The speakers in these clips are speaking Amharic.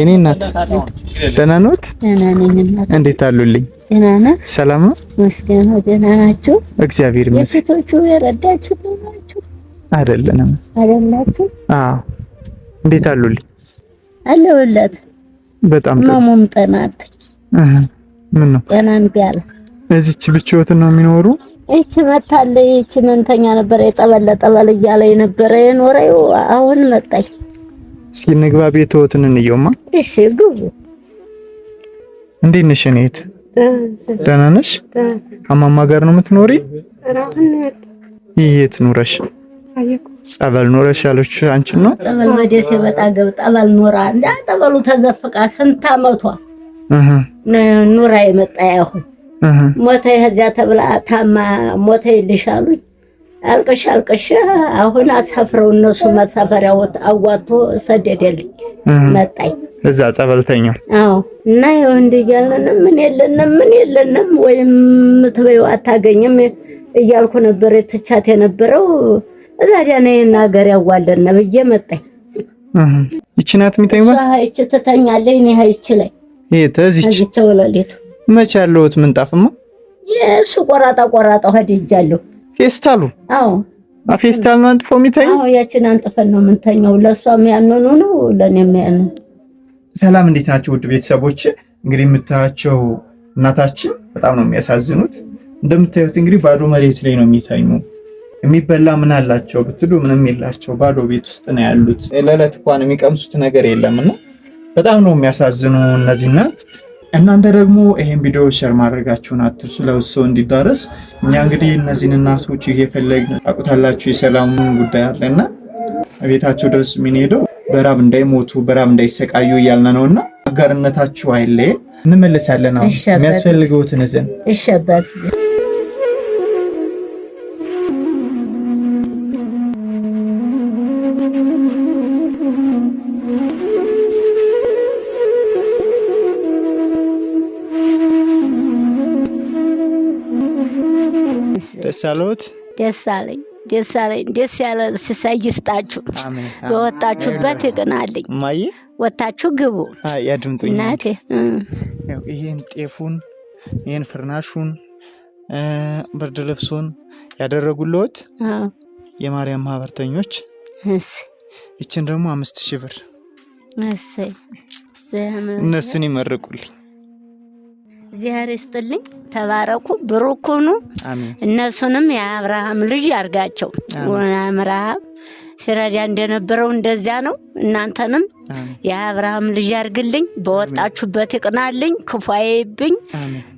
የኔ እናት ደህና ኖት? እንዴት አሉልኝ? ሰላም ነው? መስገኑ ደህና ናችሁ? እግዚአብሔር ይመስገን። የሴቶቹ የረዳችሁ ናችሁ? አይደለንም። አይደላችሁ? አዎ። እንዴት አሉልኝ? አለሁላት። በጣም ጥሩ። ማሙም ጠናብኝ። ምን ነው ጤና እምቢ እዚች ብቻዎትን ነው የሚኖሩ? እቺ መታለ እቺ መንተኛ ነበር የጠበለ ጠበል እያለ የነበረ የኖረው አሁን መጣች። እስኪ ንግባ ቤት ወትን እንየውማ። እሺ ግቡ። እንዴት ነሽ እኔት? ደህና ነሽ? አማማ ጋር ነው የምትኖሪ? የት ኑረሽ? ጸበል ኑረሽ ያለች አንቺን ነው? ጸበል መደሴ በጣ ገብ ጸበል ኑራ እንዳ ጸበሉ ተዘፍቃ ስንት አመቷ ኑራ የመጣ ያሁን ሞተ ይሄዚያ ተብላ ታማ ሞተ ይልሻሉኝ አልቀሻ አልቀሻ አሁን አሳፍረው እነሱ መሳፈሪያ አዋጥቶ ሰደደልኝ። መጣኝ እዛ ጸበልተኛው። አዎ እና ይኸው እንዲህ ምን የለንም ምን የለንም ወይም ምትበይው አታገኝም እያልኩ ነበር ትቻት የነበረው እዛ ዳና ይህን ሀገር ያዋለን ብዬ መጣኝ። ይቺ ናት የሚተኝባ ይቺ ትተኛለች። እኔ ይቺ ላይ ተዚች ተወለሌቱ መቻ ያለሁት ምንጣፍማ የእሱ ቆራጣ ቆራጣ ሄድጃለሁ ፌስታሉ አዎ ፌስታል ነው አንጥፎ የሚተኝ። አዎ ያችን አንጥፈን ነው የምንተኛው። ለእሷም ያንኑ ነው ለእኔም ያን። ሰላም እንዴት ናቸው ውድ ቤተሰቦች? እንግዲህ የምታያቸው እናታችን በጣም ነው የሚያሳዝኑት። እንደምታዩት እንግዲህ ባዶ መሬት ላይ ነው የሚተኙ። የሚበላ ምን አላቸው ብትሉ ምንም የላቸው፣ ባዶ ቤት ውስጥ ነው ያሉት። ለዕለት እንኳን የሚቀምሱት ነገር የለም እና በጣም ነው የሚያሳዝኑ እነዚህ እናት እናንተ ደግሞ ይሄን ቪዲዮ ሼር ማድረጋችሁን አትርሱ፣ ለውሰው እንዲዳረስ። እኛ እንግዲህ እነዚህን እናቶች እየፈለግን ታውቁታላችሁ፣ የሰላሙን ጉዳይ አለና ቤታቸው ድረስ የምንሄደው በራብ እንዳይሞቱ በራብ እንዳይሰቃዩ እያልን ነው እና አጋርነታችሁ አይለየን። እንመልሳለን። አሁን የሚያስፈልገውትን እዘን ደስ አለዎት? ደስ አለኝ። ደስ አለኝ። ደስ ያለ ሲሳይ ይስጣችሁ። በወጣችሁበት ይቅናልኝ። ማየ ወታችሁ ግቡ። ያድምጡኝ እናቴ። ይህን ጤፉን፣ ይህን ፍርናሹን፣ ብርድ ልብሱን ያደረጉልዎት የማርያም ማህበርተኞች፣ ይችን ደግሞ አምስት ሺህ ብር እነሱን ይመርቁልኝ። እግዚአብሔር ይስጥልኝ። ተባረኩ፣ ብሩኩኑ እነሱንም የአብርሃም ልጅ ያርጋቸው። አብርሃም ሲረዳ እንደነበረው እንደዚያ ነው። እናንተንም የአብርሃም ልጅ ያርግልኝ። በወጣችሁበት ይቅናልኝ፣ ክፉ አይብኝ።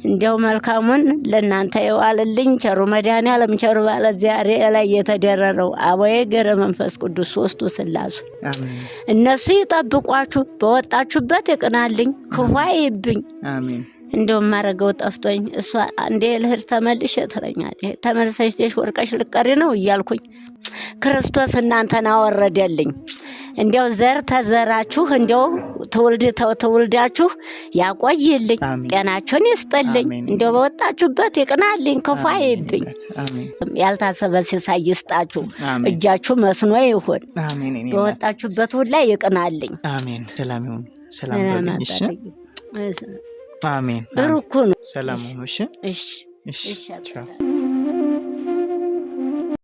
እንዲያው መልካሙን ለእናንተ የዋልልኝ ቸሩ መድኃኔዓለም ቸሩ ባለ ዛሬ ላይ የተደረረው አቦዬ ገረ መንፈስ ቅዱስ ሶስቱ ስላሱ እነሱ ይጠብቋችሁ። በወጣችሁበት ይቅናልኝ፣ ክፉ አይብኝ። እንደው ማረገው ጠፍቶኝ እሷ እንዴ ልህድ ተመልሽ ትለኛል። ተመልሰሽ ሽ ወርቀሽ ልቀሪ ነው እያልኩኝ ክርስቶስ እናንተን አወረደልኝ። እንዲያው ዘር ተዘራችሁ እንዲያው ትውልድ ተውልዳችሁ ያቆይልኝ፣ ጤናችሁን ይስጥልኝ። እንዲያው በወጣችሁበት ይቅናልኝ፣ ክፉ አይብኝ፣ ያልታሰበ ሲሳይ ይስጣችሁ፣ እጃችሁ መስኖ ይሁን። በወጣችሁበት ሁላ ይቅናልኝ። አሜን። ሰላም ይሁን። ሰላም አሜን። ብሩክ ነው። ሰላም ነው። እሺ፣ እሺ፣ እሺ።